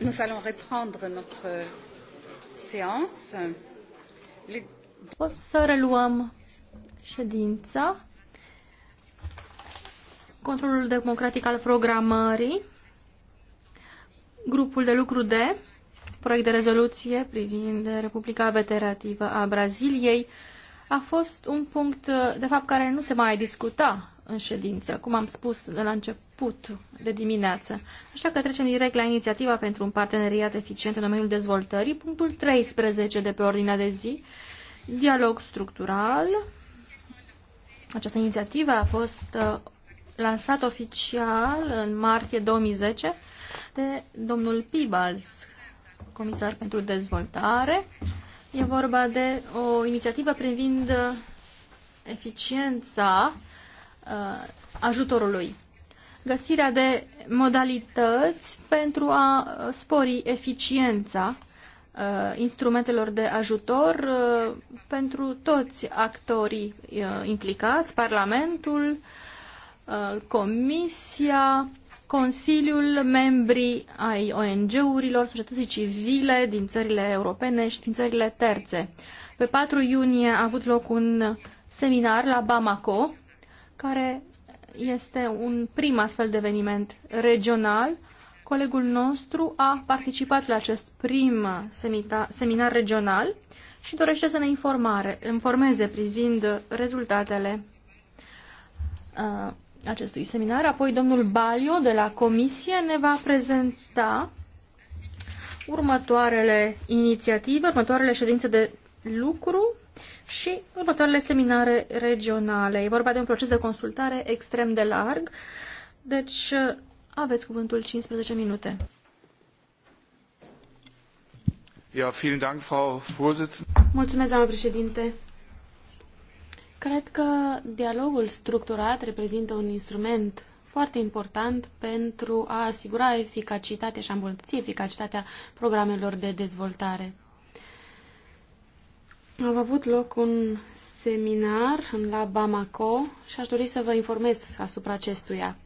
Nous allons reprendre notre séance. O să reluăm ședința. Controlul democratic al programării. Grupul de lucru D. Proiect de rezoluție privind Republica Veterativă a Braziliei a fost un punct, de fapt, care nu se mai discuta în ședință, cum am spus de la început de dimineață. Așa că trecem direct la inițiativa pentru un parteneriat eficient în domeniul dezvoltării, punctul 13 de pe ordinea de zi, dialog structural. Această inițiativă a fost uh, lansat oficial în martie 2010 de domnul Pibals, comisar pentru dezvoltare. E vorba de o inițiativă privind uh, eficiența Uh, ajutorului. Găsirea de modalități pentru a spori eficiența uh, instrumentelor de ajutor uh, pentru toți actorii implicați, Parlamentul, Comisia, Consiliul, membrii ai ONG-urilor, societății civile din țările europene și din țările terțe. Pe 4 iunie a avut loc un seminar la Bamako care este un prim astfel de eveniment regional. Colegul nostru a participat la acest prim seminar regional și dorește să ne informare, informeze privind rezultatele uh, acestui seminar. Apoi domnul Balio de la Comisie ne va prezenta următoarele inițiative, următoarele ședințe de lucru și următoarele seminare regionale. E vorba de un proces de consultare extrem de larg, deci aveți cuvântul 15 minute. Ja, vielen Dank, Frau Mulțumesc, doamnă președinte. Cred că dialogul structurat reprezintă un instrument foarte important pentru a asigura eficacitatea și a îmbunătăți eficacitatea programelor de dezvoltare. Am avut loc un seminar la Bamako și aș dori să vă informez asupra acestuia.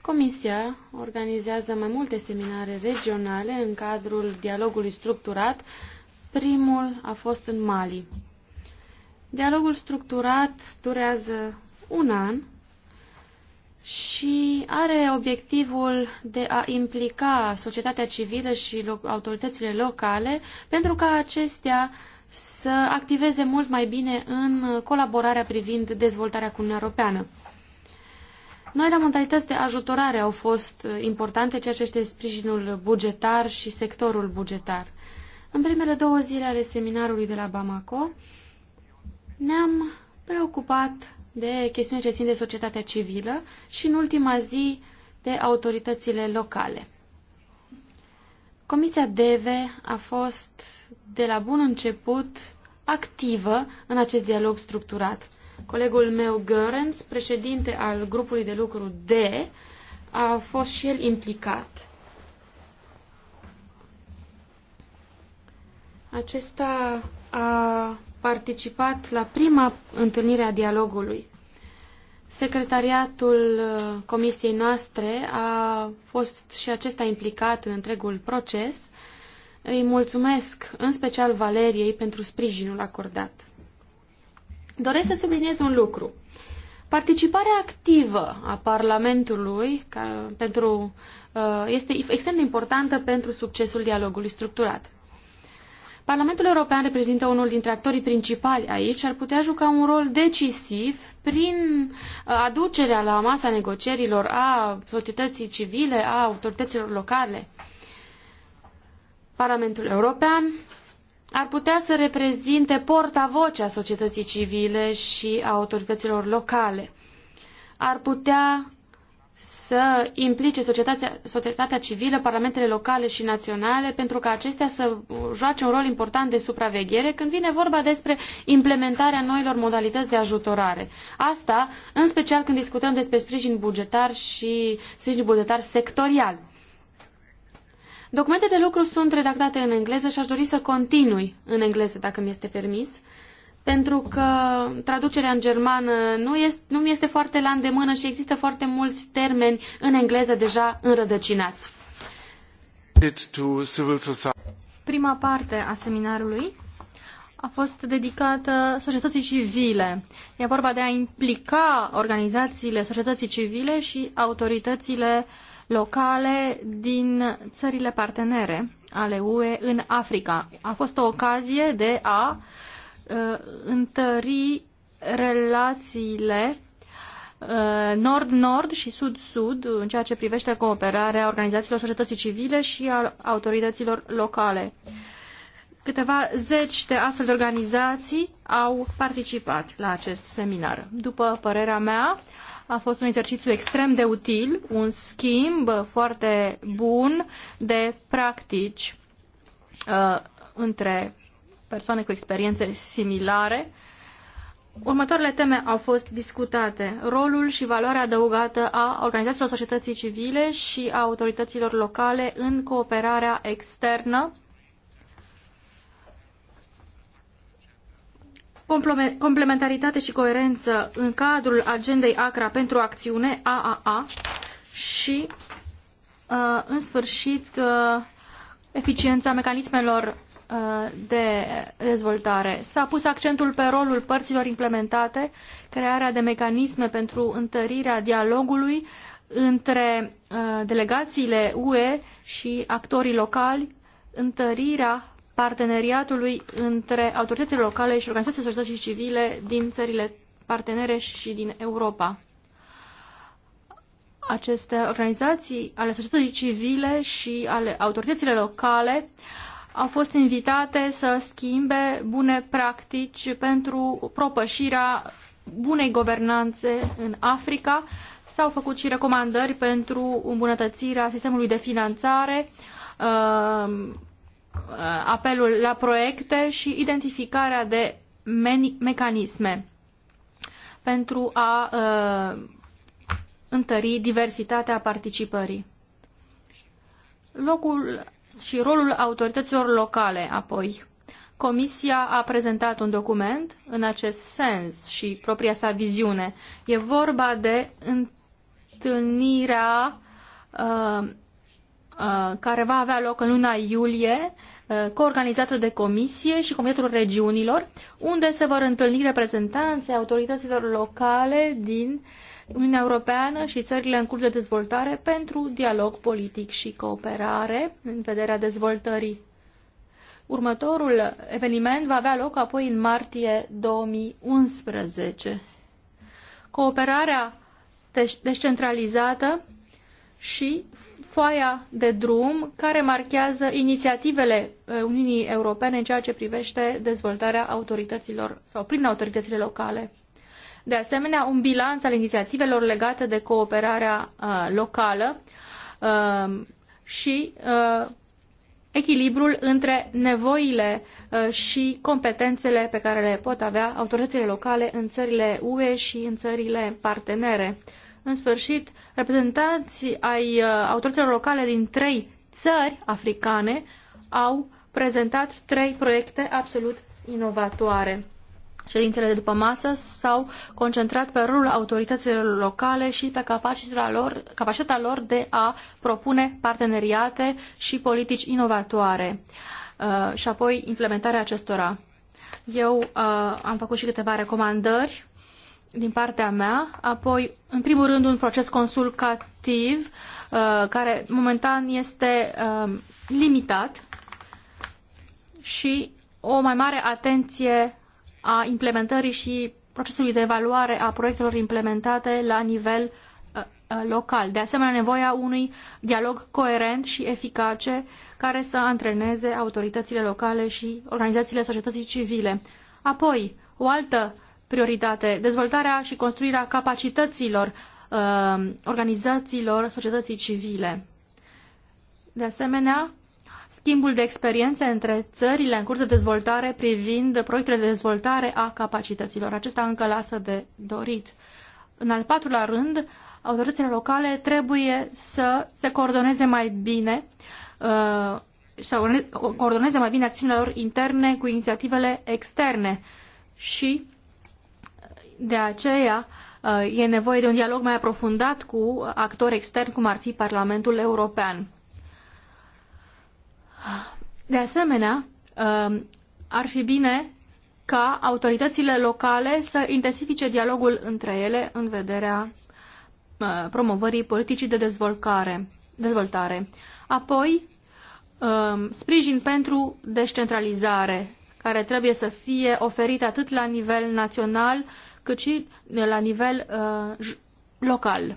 Comisia organizează mai multe seminare regionale în cadrul dialogului structurat. Primul a fost în Mali. Dialogul structurat durează un an și are obiectivul de a implica societatea civilă și autoritățile locale pentru ca acestea să activeze mult mai bine în colaborarea privind dezvoltarea cu Uniunea Europeană. Noile modalități de ajutorare au fost importante, ceea ce este sprijinul bugetar și sectorul bugetar. În primele două zile ale seminarului de la Bamako, ne-am preocupat de chestiuni ce țin de societatea civilă și în ultima zi de autoritățile locale. Comisia DEVE a fost de la bun început activă în acest dialog structurat. Colegul meu, Görens, președinte al grupului de lucru D, a fost și el implicat. Acesta a participat la prima întâlnire a dialogului. Secretariatul uh, comisiei noastre a fost și acesta implicat în întregul proces îi mulțumesc în special Valeriei pentru sprijinul acordat. Doresc să subliniez un lucru. Participarea activă a Parlamentului ca, pentru, uh, este extrem de importantă pentru succesul dialogului structurat. Parlamentul European reprezintă unul dintre actorii principali aici și ar putea juca un rol decisiv prin uh, aducerea la masa negocierilor a societății civile, a autorităților locale. Parlamentul European ar putea să reprezinte portavocea societății civile și a autorităților locale. Ar putea să implice societatea, societatea civilă, parlamentele locale și naționale, pentru ca acestea să joace un rol important de supraveghere când vine vorba despre implementarea noilor modalități de ajutorare. Asta, în special când discutăm despre sprijin bugetar și sprijin bugetar sectorial. Documentele de lucru sunt redactate în engleză și aș dori să continui în engleză, dacă mi este permis, pentru că traducerea în germană nu, este, nu mi este foarte la îndemână și există foarte mulți termeni în engleză deja înrădăcinați. Prima parte a seminarului a fost dedicată societății civile. E vorba de a implica organizațiile societății civile și autoritățile uh, locale din țările partenere ale UE în Africa. A fost o ocazie de a uh, întări relațiile uh, nord-nord și sud-sud în ceea ce privește cooperarea organizațiilor societății civile și a autorităților locale. Câteva zeci de astfel de organizații au participat la acest seminar. După părerea mea, a fost un exercițiu extrem de util, un schimb foarte bun de practici uh, între persoane cu experiențe similare. Următoarele teme au fost discutate. Rolul și valoarea adăugată a organizațiilor societății civile și a autorităților locale în cooperarea externă complementaritate și coerență în cadrul agendei ACRA pentru acțiune AAA și, uh, în sfârșit, uh, eficiența mecanismelor uh, de dezvoltare. S-a pus accentul pe rolul părților implementate, crearea de mecanisme pentru întărirea dialogului între delegațiile UE și actorii locali, întărirea parteneriatului între autoritățile locale și organizațiile societății civile din țările partenere și din Europa. Aceste organizații ale societății civile și ale autoritățile locale au fost invitate să schimbe bune practici pentru propășirea bunei guvernanțe în Africa. S-au făcut și recomandări pentru îmbunătățirea sistemului de finanțare, uh, Uh, apelul la proiecte și identificarea de mecanisme pentru a uh, întări diversitatea participării. Locul și rolul autorităților locale, apoi. Comisia a prezentat un document în acest sens și propria sa viziune. E vorba de întâlnirea uh, Uh, care va avea loc în luna iulie, uh, coorganizată de Comisie și Comitetul Regiunilor, unde se vor întâlni reprezentanții autorităților locale din Uniunea Europeană și țările în curs de dezvoltare pentru dialog politic și cooperare în vederea dezvoltării. Următorul eveniment va avea loc apoi în martie 2011. Cooperarea descentralizată și foaia de drum care marchează inițiativele uh, Uniunii Europene în ceea ce privește dezvoltarea autorităților sau prin autoritățile locale. De asemenea, un bilanț al inițiativelor legate de cooperarea uh, locală uh, și uh, echilibrul între nevoile uh, și competențele pe care le pot avea autoritățile locale în țările UE și în țările partenere. Uh, în sfârșit, reprezentanți ai uh, autorităților locale din trei țări africane au prezentat trei proiecte absolut inovatoare. Ședințele de după masă s-au concentrat pe rolul autorităților locale și pe capacitatea lor, capacitatea lor de a propune parteneriate și politici inovatoare uh, și apoi implementarea acestora. Eu uh, am făcut și câteva recomandări din partea mea, apoi, în primul rând, un proces consultativ uh, care momentan este uh, limitat și o mai mare atenție a implementării și procesului de evaluare a proiectelor implementate la nivel uh, local. De asemenea, nevoia unui dialog coerent și eficace care să antreneze autoritățile locale și organizațiile societății civile. Apoi, o altă uh, prioritate dezvoltarea și construirea capacităților uh, organizațiilor societății civile. De asemenea, schimbul de experiențe între țările în curs de dezvoltare privind proiectele de dezvoltare a capacităților. Acesta încă lasă de dorit. În al patrulea rând, autoritățile locale trebuie să se coordoneze mai bine uh, să coordoneze mai bine acțiunile lor interne cu inițiativele externe și de aceea uh, e nevoie de un dialog mai aprofundat cu actori externi, cum ar fi Parlamentul European. De asemenea, uh, ar fi bine ca autoritățile locale să intensifice dialogul între ele în vederea uh, promovării politicii de dezvoltare. dezvoltare. Apoi, sprijin pentru descentralizare, care trebuie să fie oferit atât la nivel național, cât și eh, la nivel uh, local,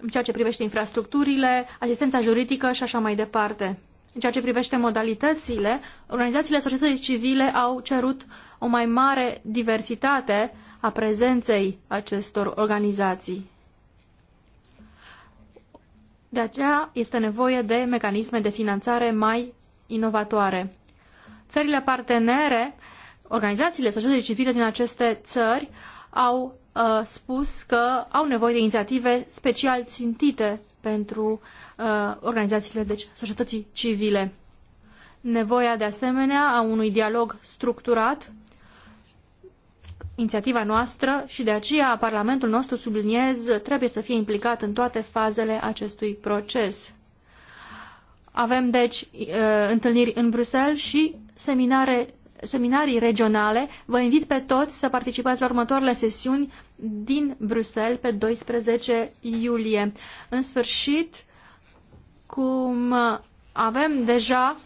în ceea ce privește infrastructurile, asistența juridică și așa mai departe. În ceea ce privește modalitățile, organizațiile societății civile au cerut o mai mare diversitate a prezenței acestor organizații. De aceea este nevoie de mecanisme de finanțare mai inovatoare. Țările partenere organizațiile societății civile din aceste țări au uh, spus că au nevoie de inițiative special țintite pentru uh, organizațiile deci, societății civile. Nevoia de asemenea a unui dialog structurat, inițiativa noastră și de aceea Parlamentul nostru, subliniez, trebuie să fie implicat în toate fazele acestui proces. Avem deci uh, întâlniri în Bruxelles și seminare seminarii regionale. Vă invit pe toți să participați la următoarele sesiuni din Bruxelles pe 12 iulie. În sfârșit, cum avem deja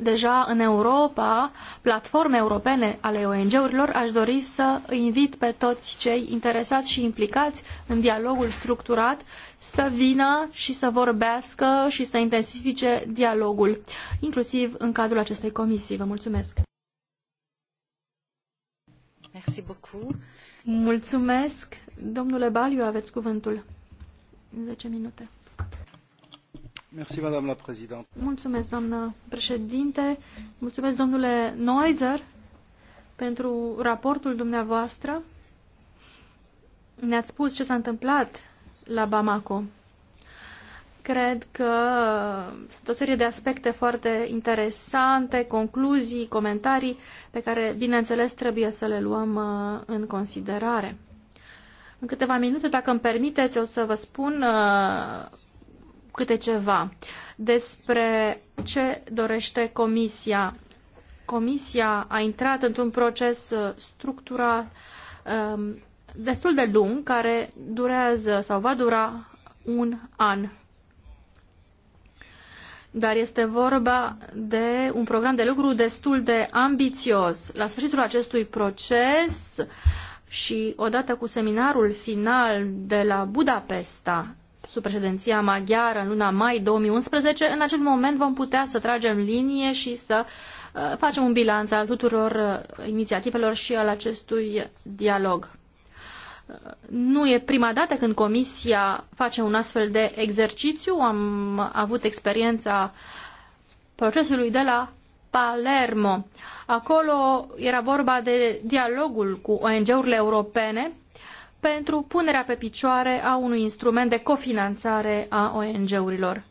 deja în Europa platforme europene ale ONG-urilor, aș dori să îi invit pe toți cei interesați și implicați în dialogul structurat să vină și să vorbească și să intensifice dialogul, inclusiv în cadrul acestei comisii. Vă mulțumesc! Merci beaucoup. Mulțumesc. Domnule Baliu, aveți cuvântul. 10 minute. Merci, Madame la Présidente. Mulțumesc, doamnă președinte. Mulțumesc, domnule Noizer, pentru raportul dumneavoastră. Ne-ați spus ce s-a întâmplat la Bamako. Cred că sunt o serie de aspecte foarte interesante, concluzii, comentarii pe care, bineînțeles, trebuie să le luăm uh, în considerare. În câteva minute, dacă îmi permiteți, o să vă spun uh, câte ceva despre ce dorește Comisia. Comisia a intrat într-un proces uh, structural um, destul de lung, care durează sau va dura un an dar este vorba de un program de lucru destul de ambițios. La sfârșitul acestui proces și odată cu seminarul final de la Budapesta, sub președinția maghiară în luna mai 2011, în acel moment vom putea să tragem linie și să uh, facem un bilanț al tuturor uh, inițiativelor și al acestui dialog. Nu e prima dată când Comisia face un astfel de exercițiu. Am avut experiența procesului de la Palermo. Acolo era vorba de dialogul cu ONG-urile europene pentru punerea pe picioare a unui instrument de cofinanțare a ONG-urilor.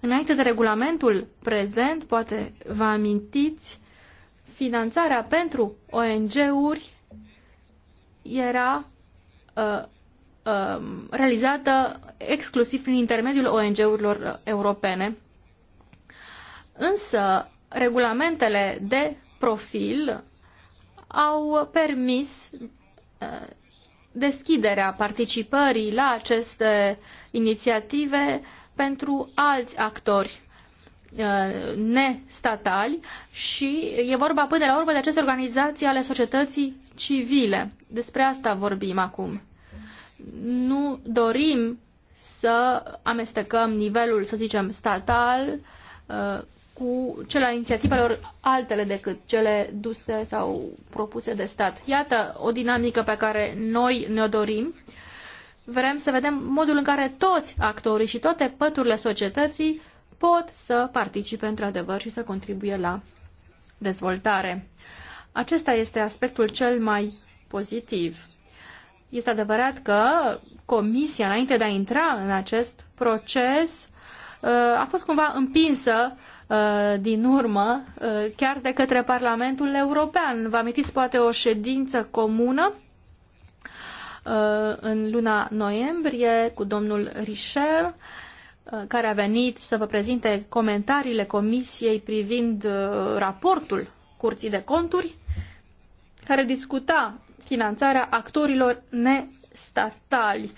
Înainte de regulamentul prezent, poate vă amintiți, finanțarea pentru ONG-uri era Uh, um, realizată exclusiv prin intermediul ONG-urilor uh, europene. Însă, regulamentele de profil au permis uh, deschiderea participării la aceste inițiative pentru alți actori Uh, nestatali și e vorba până la urmă de aceste organizații ale societății civile. Despre asta vorbim acum. Nu dorim să amestecăm nivelul, să zicem, statal uh, cu cele ale inițiativelor altele decât cele duse sau propuse de stat. Iată o dinamică pe care noi ne-o dorim. Vrem să vedem modul în care toți actorii și toate păturile societății pot să participe într-adevăr și să contribuie la dezvoltare. Acesta este aspectul cel mai pozitiv. Este adevărat că Comisia, înainte de a intra în acest proces, uh, a fost cumva împinsă uh, din urmă, uh, chiar de către Parlamentul European. Vă amintiți poate o ședință comună în luna noiembrie cu domnul Richel Uh, care a venit să vă prezinte comentariile Comisiei privind uh, raportul Curții de Conturi, care discuta finanțarea actorilor nestatali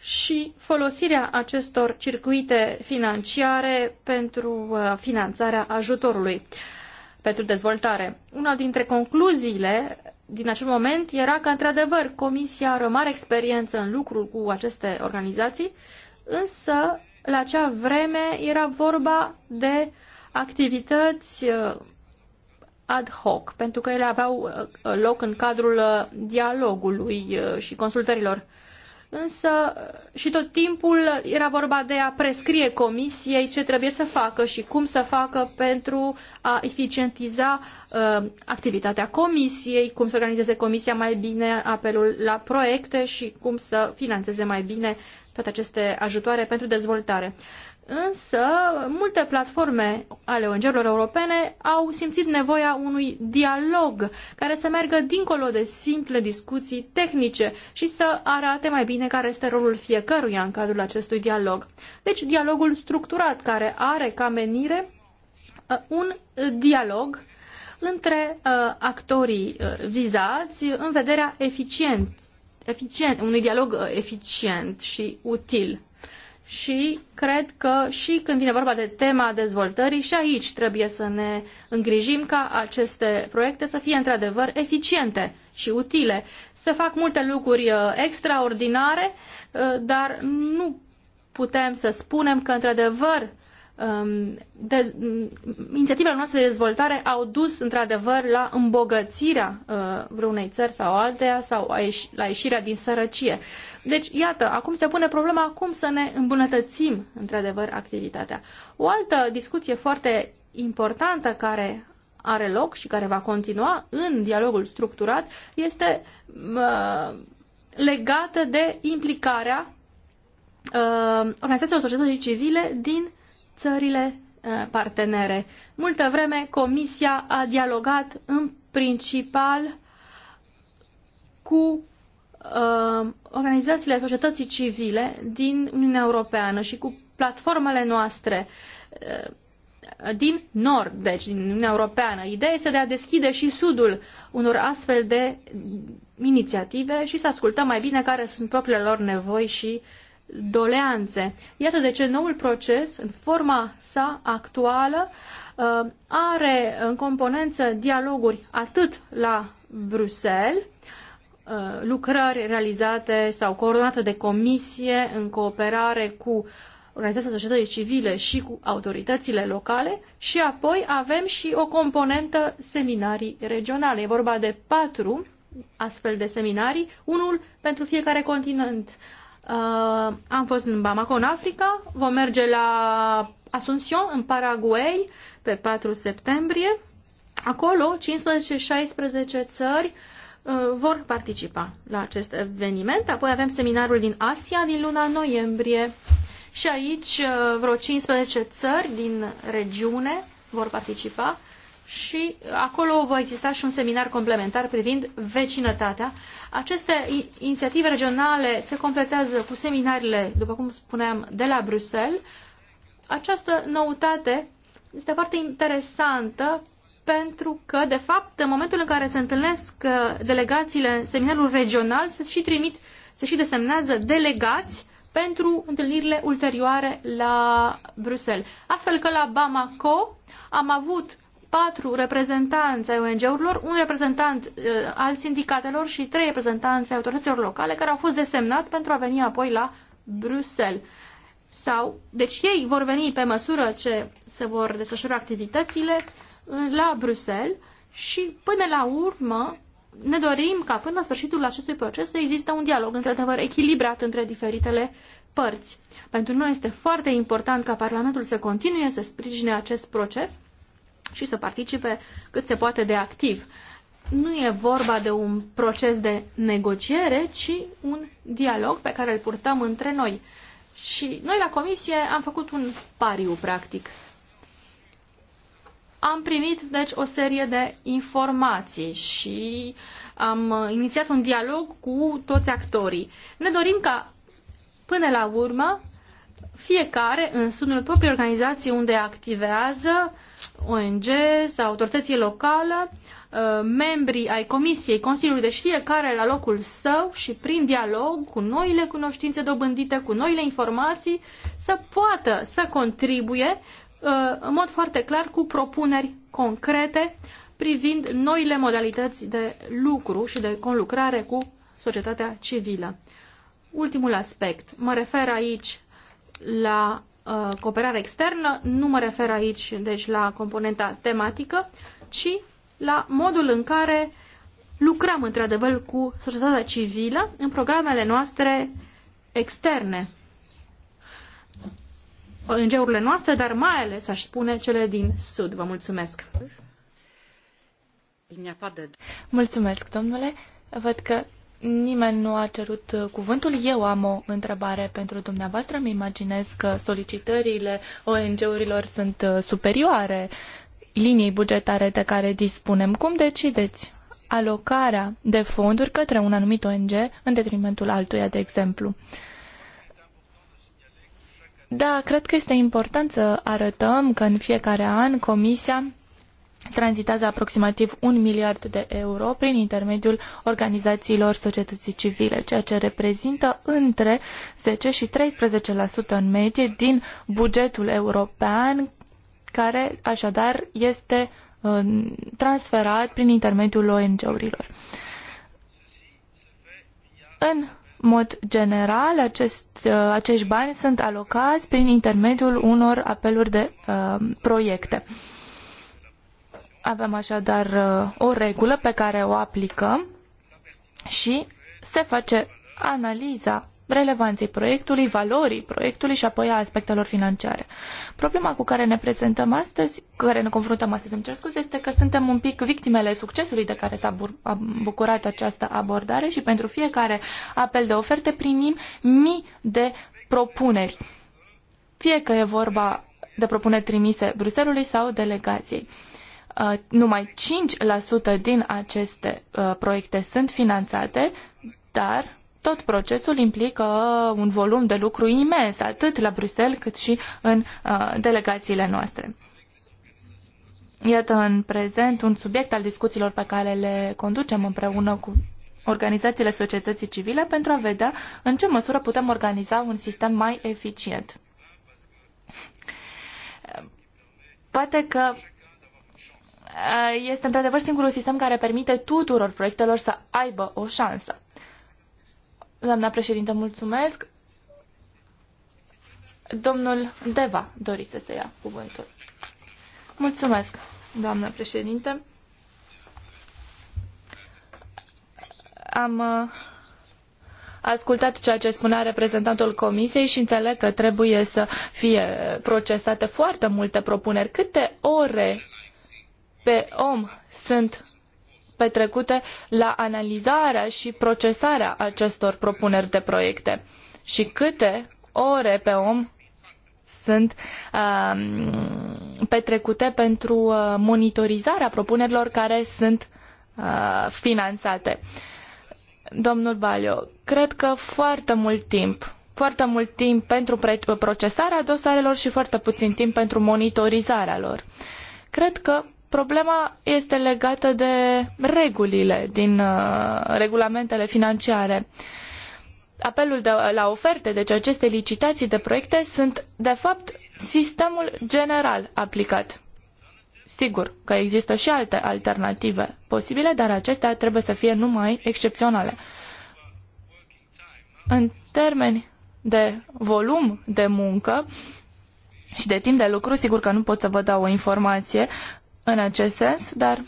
și folosirea acestor circuite financiare pentru uh, finanțarea ajutorului pentru dezvoltare. Una dintre concluziile din acel moment era că, într-adevăr, Comisia are o mare experiență în lucru cu aceste organizații, însă la acea vreme era vorba de activități uh, ad hoc, pentru că ele aveau uh, uh, loc în cadrul dialogului și consultărilor. Însă și tot timpul era vorba de a prescrie comisiei ce trebuie să facă și cum să facă pentru a eficientiza uh, activitatea comisiei, cum să organizeze comisia mai bine apelul la proiecte și cum să financeze mai bine toate aceste ajutoare pentru dezvoltare. Însă, multe platforme ale ONG-urilor europene au simțit nevoia unui dialog care să meargă dincolo de simple discuții tehnice și să arate mai bine care este rolul fiecăruia în cadrul acestui dialog. Deci, dialogul structurat care are ca menire uh, un dialog între uh, actorii uh, vizați în vederea eficienței eficient, unui dialog uh, eficient și util. Și cred că și când vine vorba de tema dezvoltării, și aici trebuie să ne îngrijim ca aceste proiecte să fie într-adevăr eficiente și utile. Se fac multe lucruri uh, extraordinare, uh, dar nu putem să spunem că într-adevăr Um, de, inițiativele noastre de dezvoltare au dus într-adevăr la îmbogățirea uh, vreunei țări sau alteia sau a ieș, la ieșirea din sărăcie. Deci, iată, acum se pune problema cum să ne îmbunătățim într-adevăr activitatea. O altă discuție foarte importantă care are loc și care va continua în dialogul structurat este uh, legată de implicarea uh, organizațiilor societății civile din țările eh, partenere. Multă vreme Comisia a dialogat în principal cu uh, organizațiile societății civile din Uniunea Europeană și cu platformele noastre uh, din nord, deci din Uniunea Europeană. Ideea este de a deschide și sudul unor astfel de inițiative și să ascultăm mai bine care sunt propriile lor nevoi și doleanțe. Iată de ce noul proces, în forma sa actuală, uh, are în componență dialoguri atât la Bruxelles, uh, lucrări realizate sau coordonate de comisie în cooperare cu organizația societății civile și cu autoritățile locale și apoi avem și o componentă seminarii regionale. E vorba de patru astfel de seminarii, unul pentru fiecare continent. Uh, am fost în Bamako, în Africa, vom merge la Asunción, în Paraguay, pe 4 septembrie. Acolo, 15-16 țări uh, vor participa la acest eveniment. Apoi avem seminarul din Asia din luna noiembrie și aici uh, vreo 15 țări din regiune vor participa și acolo va exista și un seminar complementar privind vecinătatea. Aceste inițiative regionale se completează cu seminarile, după cum spuneam, de la Bruxelles. Această noutate este foarte interesantă pentru că, de fapt, în momentul în care se întâlnesc uh, delegațiile în seminarul regional, se și trimit, se și desemnează delegați pentru întâlnirile ulterioare la Bruxelles. Astfel că la Bamako am avut patru reprezentanți ai ONG-urilor, un reprezentant uh, al sindicatelor și trei reprezentanți ai autorităților locale care au fost desemnați pentru a veni apoi la Bruxelles. Sau, deci ei vor veni pe măsură ce se vor desfășura activitățile uh, la Bruxelles și până la urmă ne dorim ca până la sfârșitul acestui proces să există un dialog într-adevăr echilibrat între diferitele părți. Pentru noi este foarte important ca Parlamentul să continue să sprijine acest proces și să participe cât se poate de activ. Nu e vorba de un proces de negociere, ci un dialog pe care îl purtăm între noi. Și noi la comisie am făcut un pariu, practic. Am primit, deci, o serie de informații și am inițiat un dialog cu toți actorii. Ne dorim ca, până la urmă, fiecare în sunul propriei organizații unde activează ONG sau autorității locale, uh, membrii ai Comisiei Consiliului, deci fiecare la locul său și prin dialog cu noile cunoștințe dobândite, cu noile informații, să poată să contribuie uh, în mod foarte clar cu propuneri concrete privind noile modalități de lucru și de conlucrare cu societatea civilă. Ultimul aspect. Mă refer aici la Uh, cooperare externă, nu mă refer aici deci la componenta tematică, ci la modul în care lucrăm într-adevăr cu societatea civilă în programele noastre externe. ONG-urile noastre, dar mai ales, aș spune, cele din Sud. Vă mulțumesc! Mulțumesc, domnule! Văd că Nimeni nu a cerut uh, cuvântul. Eu am o întrebare pentru dumneavoastră. Îmi imaginez că solicitările ONG-urilor sunt uh, superioare liniei bugetare de care dispunem. Cum decideți alocarea de fonduri către un anumit ONG în detrimentul altuia, de exemplu? Da, cred că este important să arătăm că în fiecare an Comisia tranzitează aproximativ un miliard de euro prin intermediul organizațiilor societății civile, ceea ce reprezintă între 10 și 13% în medie din bugetul european, care așadar este uh, transferat prin intermediul ONG-urilor. În mod general, acest, uh, acești bani sunt alocați prin intermediul unor apeluri de uh, proiecte. Uh, avem așadar uh, o regulă pe care o aplicăm și se face analiza relevanței proiectului, valorii proiectului și apoi a aspectelor financiare. Problema cu care ne prezentăm astăzi, cu care ne confruntăm astăzi, îmi cer scuze, este că suntem un pic victimele succesului de care s-a bucurat această abordare și pentru fiecare apel de oferte primim mii de propuneri. Fie că e vorba de propuneri trimise Bruselului sau delegației. Uh, numai 5% din aceste uh, proiecte sunt finanțate, dar tot procesul implică un volum de lucru imens, atât la Bruxelles cât și în uh, delegațiile noastre. Iată în prezent un subiect al discuțiilor pe care le conducem împreună cu organizațiile societății civile pentru a vedea în ce măsură putem organiza un sistem mai eficient. Poate că Uh, este într-adevăr singurul sistem care permite tuturor proiectelor să aibă o șansă. Doamna președintă, mulțumesc. Domnul Deva dori să ia cuvântul. Mulțumesc, doamnă președinte. Am uh, ascultat ceea ce spunea reprezentantul comisiei și înțeleg că trebuie să fie procesate foarte multe propuneri. Câte ore pe om sunt petrecute la analizarea și procesarea acestor propuneri de proiecte și câte ore pe om sunt uh, petrecute pentru uh, monitorizarea propunerilor care sunt uh, finanțate. Domnul Balio, cred că foarte mult timp foarte mult timp pentru procesarea dosarelor și foarte puțin timp pentru monitorizarea lor. Cred că Problema este legată de regulile din uh, regulamentele financiare. Apelul de, la oferte, deci aceste licitații de proiecte, sunt de fapt sistemul general aplicat. Sigur că există și alte alternative posibile, dar acestea trebuie să fie numai excepționale. În termeni de volum de muncă și de timp de lucru, sigur că nu pot să vă dau o informație, în acest sens, dar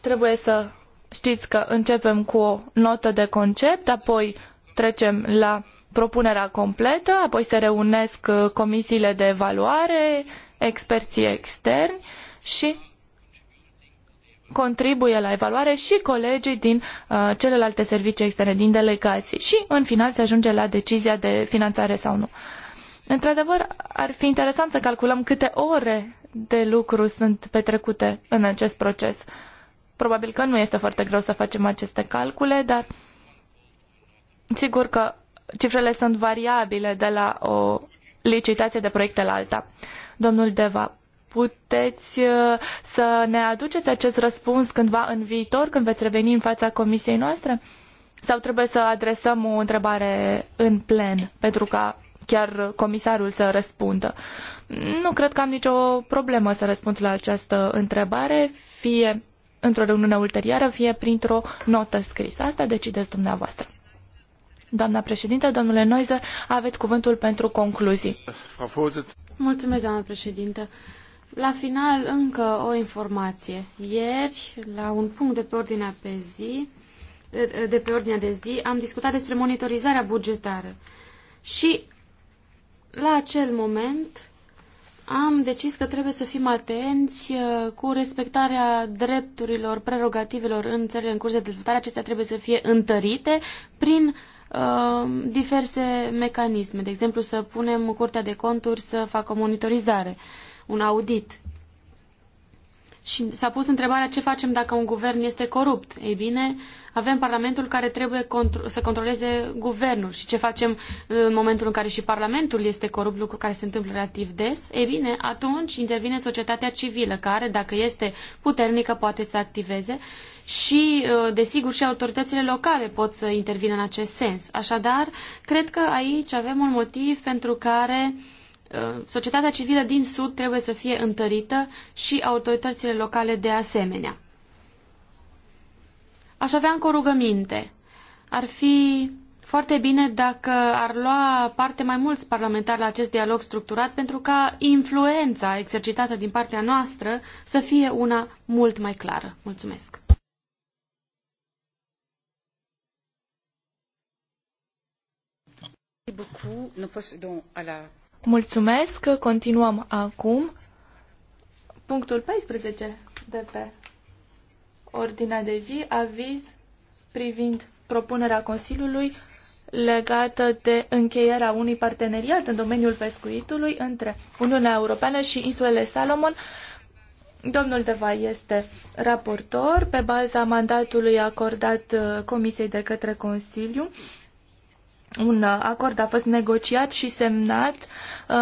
trebuie să știți că începem cu o notă de concept, apoi trecem la propunerea completă, apoi se reunesc uh, comisiile de evaluare, experții externi și contribuie la evaluare și colegii din uh, celelalte servicii externe, din delegații și în final se ajunge la decizia de finanțare sau nu. Într-adevăr, ar fi interesant să calculăm câte ore de lucru sunt petrecute în acest proces. Probabil că nu este foarte greu să facem aceste calcule, dar sigur că cifrele sunt variabile de la o licitație de proiecte la alta. Domnul Deva, puteți uh, să ne aduceți acest răspuns cândva în viitor, când veți reveni în fața comisiei noastre? Sau trebuie să adresăm o întrebare în plen pentru ca chiar comisarul să răspundă? Nu cred că am nicio problemă să răspund la această întrebare, fie într-o reuniune ulterioară, fie printr-o notă scrisă. Asta decideți dumneavoastră. Doamna președinte, domnule Noizer, aveți cuvântul pentru concluzii. Mulțumesc, doamna președinte. La final, încă o informație. Ieri, la un punct de pe ordinea pe zi, de pe ordinea de zi, am discutat despre monitorizarea bugetară. Și la acel moment am decis că trebuie să fim atenți uh, cu respectarea drepturilor, prerogativelor în țările în curs de dezvoltare. Acestea trebuie să fie întărite prin uh, diverse mecanisme. De exemplu, să punem Curtea de Conturi să facă o monitorizare, un audit. Și s-a pus întrebarea ce facem dacă un guvern este corupt. Ei bine, uh, avem Parlamentul care trebuie contro să controleze guvernul și ce facem în momentul în care și Parlamentul este corupt, lucru care se întâmplă relativ des, e bine, atunci intervine societatea civilă care, dacă este puternică, poate să activeze și, uh, desigur, și autoritățile locale pot să intervină în acest sens. Așadar, cred că aici avem un motiv pentru care uh, societatea civilă din Sud trebuie să fie întărită și autoritățile locale de asemenea. Aș avea încă o rugăminte. Ar fi foarte bine dacă ar lua parte mai mulți parlamentari la acest dialog structurat pentru ca influența exercitată din partea noastră să fie una mult mai clară. Mulțumesc! Mulțumesc! Continuăm acum punctul 14 de pe ordinea de zi aviz privind propunerea Consiliului legată de încheierea unui parteneriat în domeniul pescuitului între Uniunea Europeană și insulele Salomon. Domnul Deva este raportor pe baza mandatului acordat uh, Comisiei de către Consiliu un acord a fost negociat și semnat uh,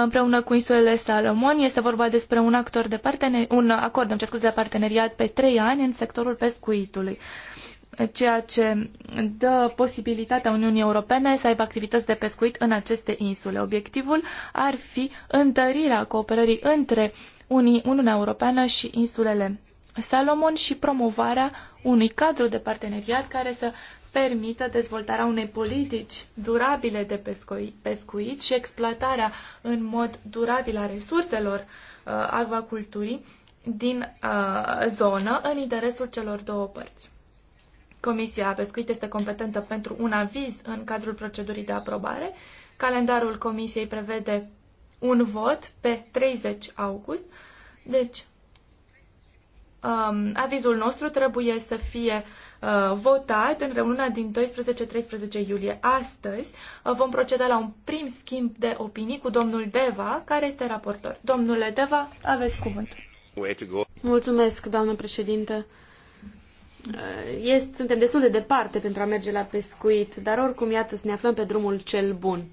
împreună cu insulele Salomon. Este vorba despre un, actor de partener, un acord îmi scuze, de parteneriat pe trei ani în sectorul pescuitului ceea ce dă posibilitatea Uniunii Europene să aibă activități de pescuit în aceste insule. Obiectivul ar fi întărirea cooperării între Uniunea Europeană și insulele Salomon și promovarea unui cadru de parteneriat care să permită dezvoltarea unei politici durabile de pescuit, și exploatarea în mod durabil a resurselor uh, acvaculturii din uh, zonă în interesul celor două părți. Comisia Pescuit este competentă pentru un aviz în cadrul procedurii de aprobare. Calendarul Comisiei prevede un vot pe 30 august. Deci, um, avizul nostru trebuie să fie uh, Uh, votat în reuniunea din 12-13 iulie astăzi. Uh, vom proceda la un prim schimb de opinii cu domnul Deva, care este raportor. Domnule Deva, aveți cuvântul. Mulțumesc, doamnă președintă. Uh, este, suntem destul de departe pentru a merge la pescuit, dar oricum, iată, să ne aflăm pe drumul cel bun.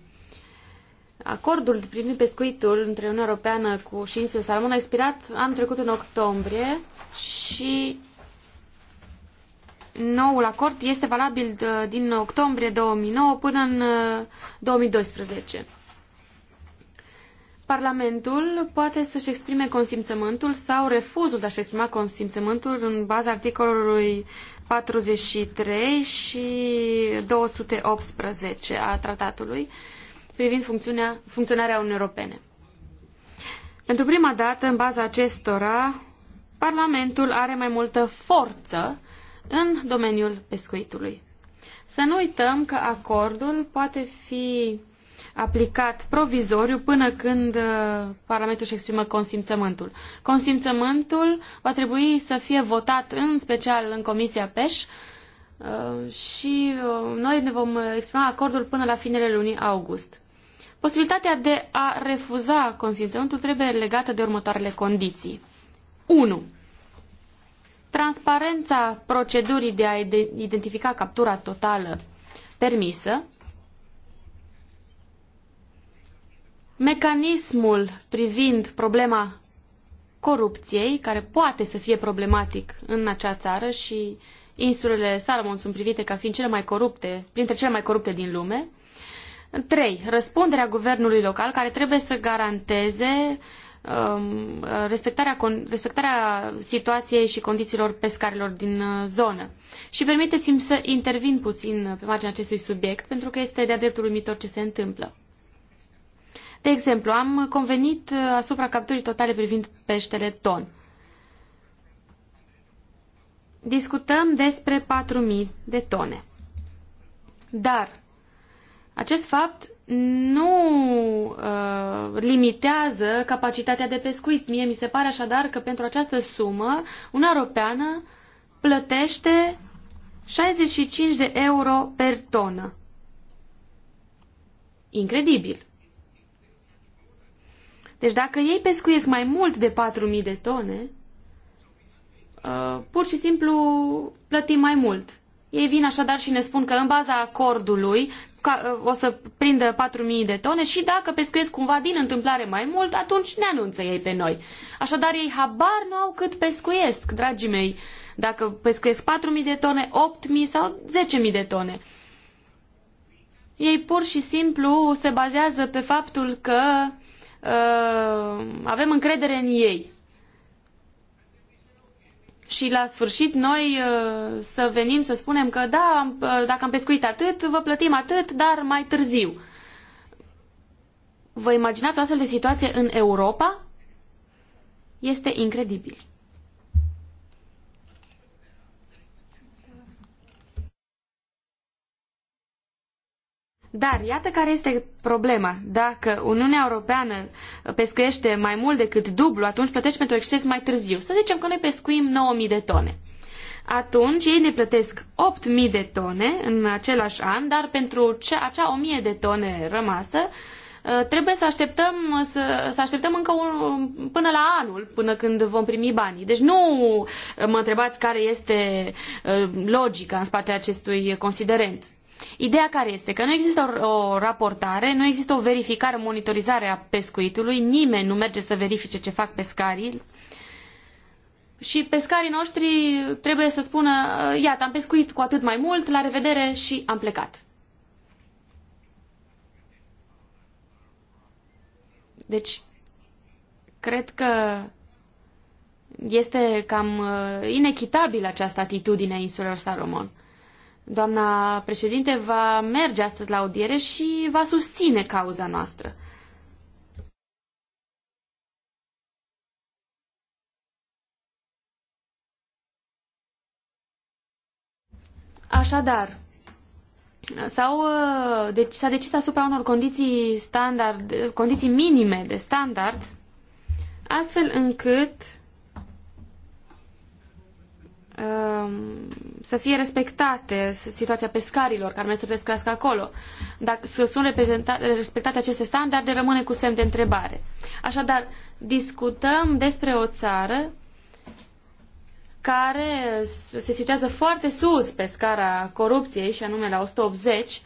Acordul privind pescuitul între Uniunea Europeană cu și insulele Salomon a expirat anul trecut în octombrie și noul acord este valabil uh, din octombrie 2009 până în 2012. Uh, Parlamentul poate să-și exprime consimțământul sau refuzul de a-și exprima consimțământul în baza articolului 43 și 218 a tratatului privind funcționarea Uniunii Europene. Pentru prima dată, în baza acestora, Parlamentul are mai multă forță în domeniul pescuitului. Să nu uităm că acordul poate fi aplicat provizoriu până când uh, Parlamentul își exprimă consimțământul. Consimțământul va trebui să fie votat în special în Comisia PEș uh, și uh, noi ne vom exprima acordul până la finele lunii august. Posibilitatea de a refuza consimțământul trebuie legată de următoarele condiții. 1 transparența procedurii de a identifica captura totală permisă, mecanismul privind problema corupției, care poate să fie problematic în acea țară și insulele Salomon sunt privite ca fiind cele mai corupte, printre cele mai corupte din lume. 3. Răspunderea guvernului local care trebuie să garanteze Um, respectarea, respectarea situației și condițiilor pescarilor din uh, zonă. Și permiteți-mi să intervin puțin pe marginea acestui subiect, pentru că este de-a dreptul uimitor ce se întâmplă. De exemplu, am convenit uh, asupra capturii totale privind peștele ton. Discutăm despre 4.000 de tone. Dar acest fapt nu uh, limitează capacitatea de pescuit. Mie mi se pare așadar că pentru această sumă, una europeană plătește 65 de euro per tonă. Incredibil! Deci dacă ei pescuiesc mai mult de 4.000 de tone, uh, pur și simplu plătim mai mult. Ei vin așadar și ne spun că în baza acordului o să prindă 4.000 de tone și dacă pescuiesc cumva din întâmplare mai mult, atunci ne anunță ei pe noi. Așadar, ei habar nu au cât pescuiesc, dragii mei, dacă pescuiesc 4.000 de tone, 8.000 sau 10.000 de tone. Ei pur și simplu se bazează pe faptul că uh, avem încredere în ei și la sfârșit noi uh, să venim să spunem că da, uh, dacă am pescuit atât, vă plătim atât, dar mai târziu. Vă imaginați o astfel de situație în Europa? Este incredibil. Dar iată care este problema. Dacă Uniunea Europeană pescuiește mai mult decât dublu, atunci plătești pentru exces mai târziu. Să zicem că noi pescuim 9.000 de tone. Atunci ei ne plătesc 8.000 de tone în același an, dar pentru acea 1.000 de tone rămasă uh, trebuie să așteptăm, uh, să, să așteptăm încă un, până la anul, până când vom primi banii. Deci nu uh, mă întrebați care este logica în spatele acestui considerent. Ideea care este că nu există o raportare, nu există o verificare, o monitorizare a pescuitului, nimeni nu merge să verifice ce fac pescarii. Și pescarii noștri trebuie să spună, iată, am pescuit cu atât mai mult, la revedere și am plecat. Deci, cred că este cam uh, inechitabil această atitudine a insulelor Salomon. Doamna președinte va merge astăzi la audiere și va susține cauza noastră. Așadar, sau uh, deci, s-a decis asupra unor condiții standard, condiții minime de standard, astfel încât Um, să fie respectate situația pescarilor care merg să pescuiască acolo. Dacă sunt respectate aceste standarde, rămâne cu semn de întrebare. Așadar, discutăm despre o țară care se situează foarte sus pe scara corupției, și anume la 180,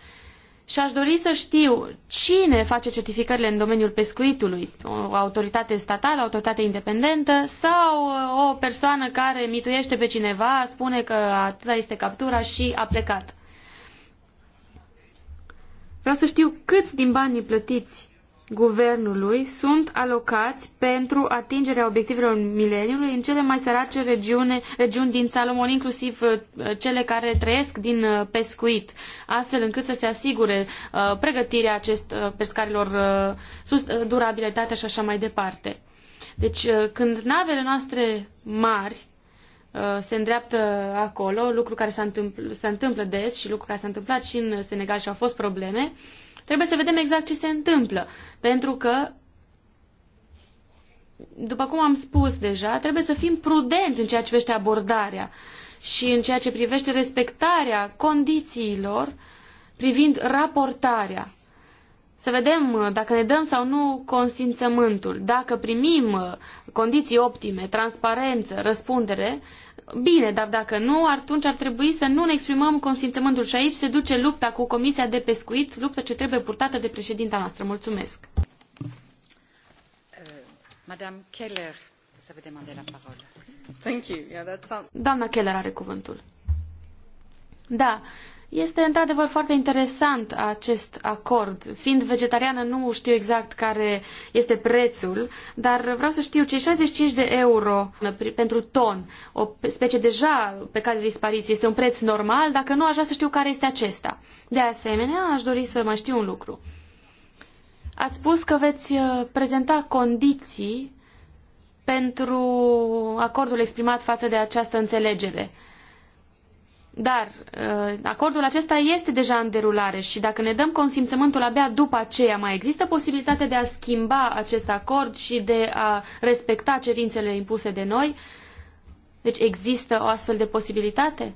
și aș dori să știu cine face certificările în domeniul pescuitului, o autoritate statală, o autoritate independentă sau uh, o persoană care mituiește pe cineva, spune că atâta este captura și a plecat. Vreau să știu câți din banii plătiți guvernului sunt alocați pentru atingerea obiectivelor mileniului în cele mai sărace regiune, regiuni din Salomon, inclusiv uh, cele care trăiesc din uh, pescuit, astfel încât să se asigure uh, pregătirea acest, pescarilor durabilitatea și așa mai departe. Deci când navele noastre mari se îndreaptă acolo, lucru care s-a întâmpl întâmplă des și lucru care s-a întâmplat și în Senegal și au fost probleme, uh, Trebuie să vedem exact ce se întâmplă, pentru că, după cum am spus deja, trebuie să fim prudenți în ceea ce privește abordarea și în ceea ce privește respectarea condițiilor privind raportarea. Să vedem uh, dacă ne dăm sau nu consimțământul, dacă primim uh, condiții optime, transparență, răspundere, Bine, dar dacă nu, atunci ar trebui să nu ne exprimăm consimțământul și aici se duce lupta cu Comisia de Pescuit, luptă ce trebuie purtată de președinta noastră. Mulțumesc. Eh, Doamna Keller are cuvântul. Da, este într-adevăr foarte interesant acest acord. Fiind vegetariană, nu știu exact care este prețul, dar vreau să știu cei 65 de euro pentru ton, o specie deja pe care de dispariție, este un preț normal? Dacă nu, aș vrea să știu care este acesta. De asemenea, aș dori să mai știu un lucru. Ați spus că veți uh, prezenta condiții pentru acordul exprimat față de această înțelegere. Dar uh, acordul acesta este deja în derulare și dacă ne dăm consimțământul abia după aceea, mai există posibilitatea de a schimba acest acord și de a respecta cerințele impuse de noi? Deci există o astfel de posibilitate?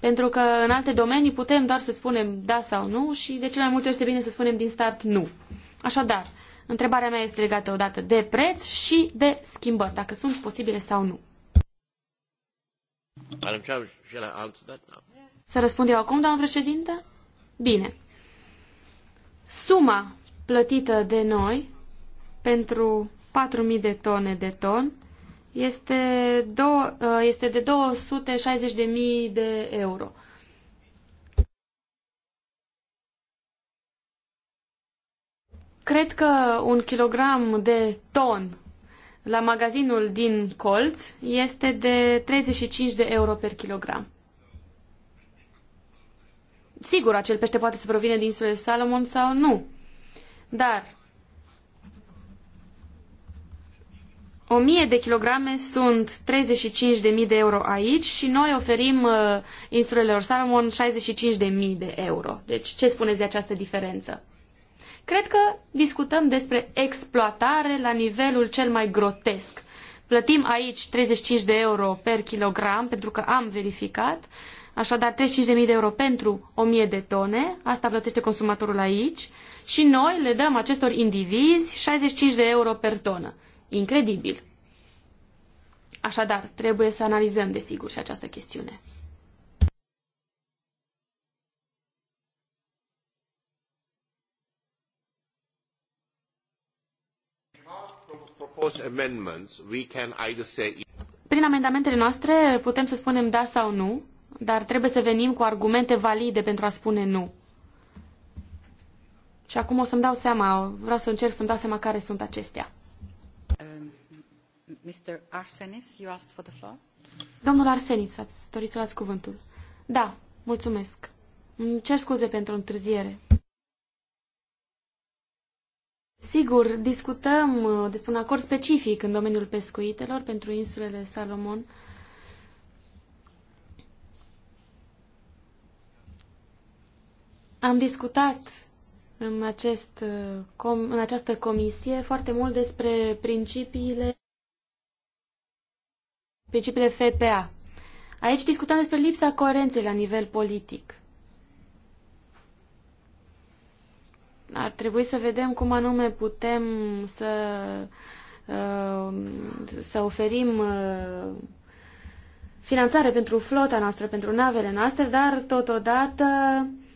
Pentru că în alte domenii putem doar să spunem da sau nu și de cele mai multe ori este bine să spunem din start nu. Așadar, întrebarea mea este legată odată de preț și de schimbări, dacă sunt posibile sau nu. Să răspund eu acum, doamnă președinte? Bine. Suma plătită de noi pentru 4.000 de tone de ton este, două, ă, este de 260.000 de euro. Cred că un kilogram de ton la magazinul din colț este de 35 de euro per kilogram. Sigur, acel pește poate să provine din insulele Salomon sau nu. Dar 1000 de kilograme sunt 35.000 de euro aici și noi oferim uh, insulelor Salomon 65.000 de euro. Deci ce spuneți de această diferență? Cred că discutăm despre exploatare la nivelul cel mai grotesc. Plătim aici 35 de euro per kilogram, pentru că am verificat, așadar 35.000 de euro pentru 1000 de tone, asta plătește consumatorul aici, și noi le dăm acestor indivizi 65 de euro per tonă. Incredibil! Așadar, trebuie să analizăm, desigur, și această chestiune. Prin amendamentele noastre putem să spunem da sau nu, dar trebuie să venim cu argumente valide pentru a spune nu. Și acum o să-mi dau seama, vreau să încerc să-mi dau seama care sunt acestea. Mr. Um, Arsenis, you asked for the floor? Domnul Arsenis, ați dorit să luați cuvântul. Da, mulțumesc. Îmi cer scuze pentru întârziere. Sigur, discutăm uh, despre un acord specific în domeniul pescuitelor pentru insulele Salomon. Am discutat în, acest, uh, în această comisie foarte mult despre principiile, principiile FPA. Aici discutăm despre lipsa coerenței la nivel politic. ar trebui să vedem cum anume putem să, uh, să oferim uh, finanțare pentru flota noastră, pentru navele noastre, dar totodată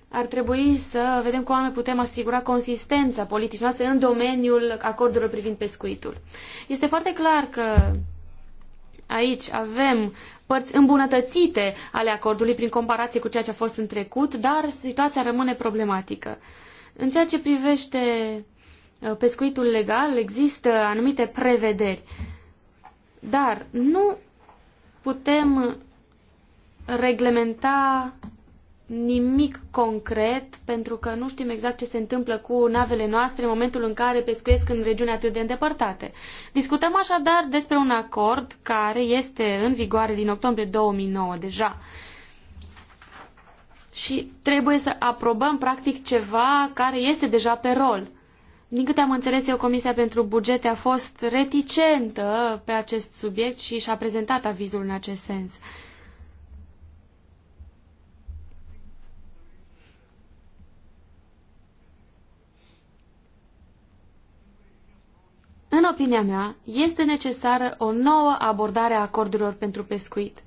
ar trebui să vedem cum anume putem asigura consistența politicii noastre în domeniul acordurilor privind pescuitul. Este foarte clar că aici avem părți îmbunătățite ale acordului prin comparație cu ceea ce a fost în trecut, dar situația rămâne problematică. Uh, în ceea ce privește uh, pescuitul legal, există anumite prevederi, dar nu putem reglementa nimic concret, pentru că nu știm exact ce se întâmplă cu navele noastre în momentul în care pescuiesc în regiuni atât de îndepărtate. Discutăm așadar despre un acord care este în vigoare din octombrie 2009 deja și trebuie să aprobăm practic ceva care este deja pe rol. Din câte am înțeles eu, Comisia pentru Bugete a fost reticentă pe acest subiect și și-a prezentat avizul în acest sens. În opinia mea, este necesară o nouă abordare a acordurilor pentru pescuit.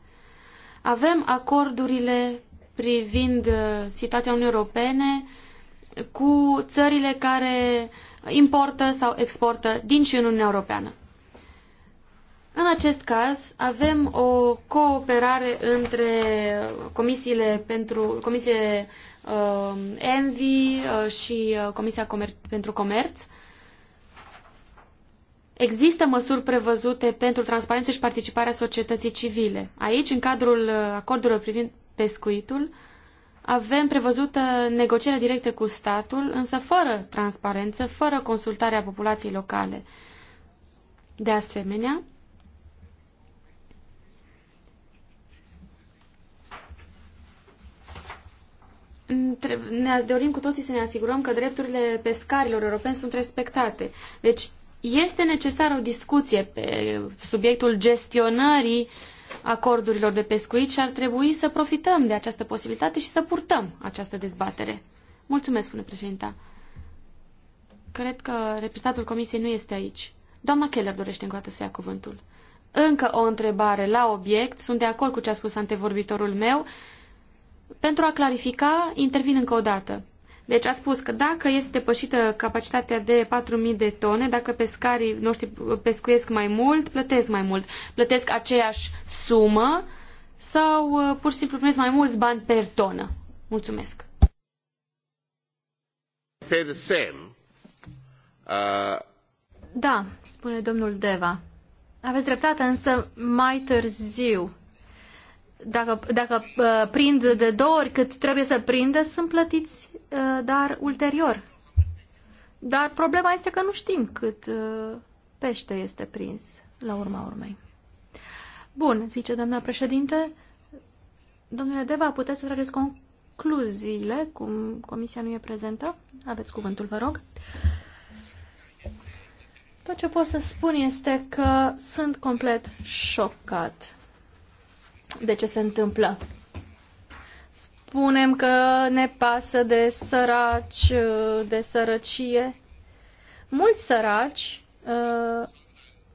Avem acordurile privind uh, situația Uniunii Europene cu țările care importă sau exportă din și în Uniunea Europeană. În acest caz, avem o cooperare între comisiile pentru comisiile uh, ENVI uh, și uh, Comisia Comer- pentru Comerț. Există măsuri prevăzute pentru transparență și participarea societății civile. Aici, în cadrul acordurilor privind pescuitul, avem prevăzută negocierea directă cu statul, însă fără transparență, fără consultarea populației locale. De asemenea, ne dorim cu toții să ne asigurăm că drepturile pescarilor europeni sunt respectate. Deci, este necesară o discuție pe subiectul gestionării acordurilor de pescuit și ar trebui să profităm de această posibilitate și să purtăm această dezbatere. Mulțumesc, spune președinta. Cred că reprezentatul comisiei nu este aici. Doamna Keller dorește încă o dată să ia cuvântul. Încă o întrebare la obiect. Sunt de acord cu ce a spus antevorbitorul meu. Pentru a clarifica, intervin încă o dată. Deci a spus că dacă este depășită capacitatea de 4.000 de tone, dacă pescarii noștri pescuiesc mai mult, plătesc mai mult. Plătesc aceeași sumă sau uh, pur și simplu primesc mai mulți bani per tonă. Mulțumesc. Pay the same. Uh... Da, spune domnul Deva. Aveți dreptate, însă mai târziu. Dacă, dacă uh, prind de două ori cât trebuie să prindă, sunt plătiți Uh, dar ulterior. Dar problema este că nu știm cât uh, pește este prins la urma urmei. Bun, zice doamna președinte, domnule Deva, puteți să trageți concluziile, cum comisia nu e prezentă? Aveți cuvântul, vă rog. Tot ce pot să spun este că sunt complet șocat de ce se întâmplă spunem că ne pasă de săraci, de sărăcie. Mulți săraci uh,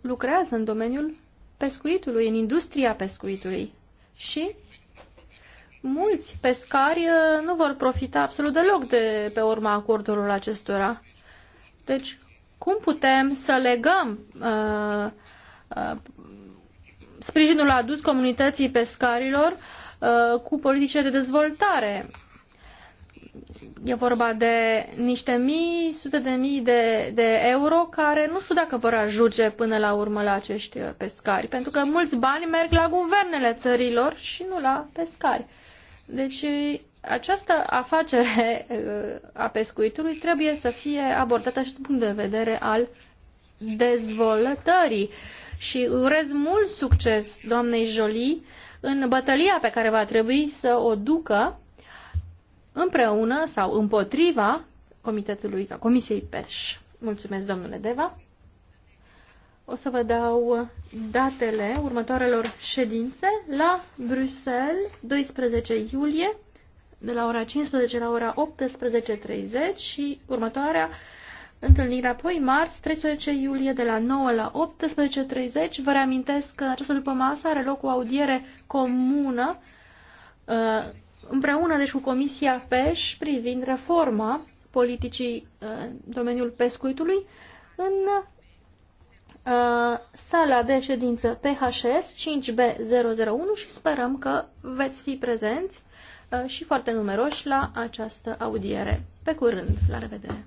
lucrează în domeniul pescuitului, în industria pescuitului și mulți pescari uh, nu vor profita absolut deloc de pe urma acordurilor acestora. Deci, cum putem să legăm uh, uh sprijinul adus comunității pescarilor Uh, cu politicile de dezvoltare. E vorba de niște mii, sute de mii de, de euro care nu știu dacă vor ajunge până la urmă la acești uh, pescari, pentru că mulți bani merg la guvernele țărilor și nu la pescari. Deci această afacere uh, a pescuitului trebuie să fie abordată și din punct de vedere al dezvoltării. Și urez mult succes doamnei Jolie în bătălia pe care va trebui să o ducă împreună sau împotriva Comitetului sau Comisiei PEș. Mulțumesc, domnule Deva. O să vă dau datele următoarelor ședințe la Bruxelles, 12 iulie, de la ora 15 la ora 18.30 și următoarea Întâlnirea Apoi, marți, 13 iulie, de la 9 la 18.30. Vă reamintesc că această după masă are loc o audiere comună uh, împreună deci cu Comisia PEș privind reforma politicii uh, în domeniul pescuitului în uh, sala de ședință PHS 5B001 și sperăm că veți fi prezenți și foarte numeroși la această audiere. Pe curând, la revedere!